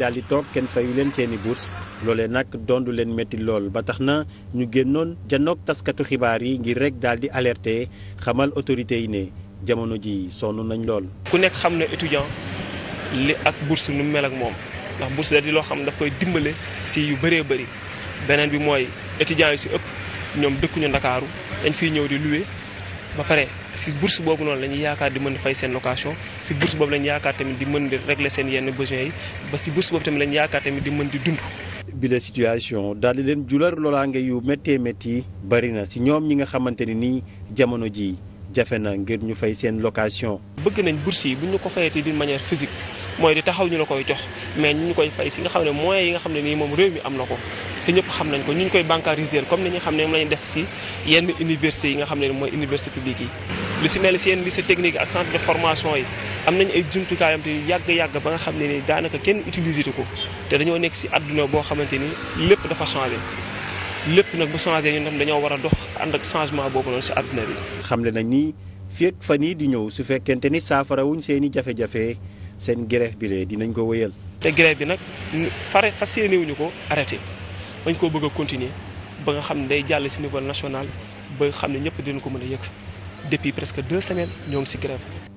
daal di toog kenn fayu leen seeni bourse loolee nag doon du leen métti lool ba tax na ñu génnoon janoog taskatu xibaar yi ngir rek daal di alerter xamal autorités yi ne jamono ji sonn nañ lool. ku nekk xam na étudiant li ak bourse nu mel ak moom ndax bourse da di loo xam daf koy dimbale si yu bëree bëri beneen bi mooy étudiants yi si ëpp ñoom dëkkuñu ndakaaru dañ fiy ñëw di louer. ba pare si bourse boobu noonu la ñuy yaakaar di mën di fay seen location si bourse boobu la yaakaar tamit di mën di régler seen yenn besoins yi ba si bourse boobu tamit la yaakaar tamit di mën di dund. bile situation daal di leen jular loolaange yu méttee métti bari na si ñoom ñi nga xamante ni nii jamono jii jafe na ngir ñu fay seen location. bëgg nañ bourse yi bu ñu ko fayee fayatee di manière physique. mooy di taxaw ñu la koy jox mais ñu ñu koy fay si nga xam ne moyens yi nga xam ne nii moom réew mi am na ko te ñëpp xam nañ ko ñu ñu koy bancariser comme ni ñu xam ne moom def si yenn université yi nga xam ne mooy université publique yi lu si mel si yenn lycée technique ak centre formation yi am ay jumtukaayam te yàgg-yàgg ba nga xam ne ni kenn utiliser ko te dañoo nekk si adduna boo xamante ni lépp dafa changé lépp nag bu changé ñun tam dañoo war a dox ànd ak changement boobu noonu si adduna bi. xamle nañ ni fii fa fan yii di ñëw su fekkente ni saafara wuñ seeni jafe-jafe seen grève bi lee dinañ ko wéyal. te grève bi nag fare fas yéene wuñu ko arrêté dañ koo bëgg a continuer ba nga xam ne day jàll si niveau national ba xam ne ñëpp dinañ ko mën a yëg depuis presque deux semaines ñoo ngi si grève.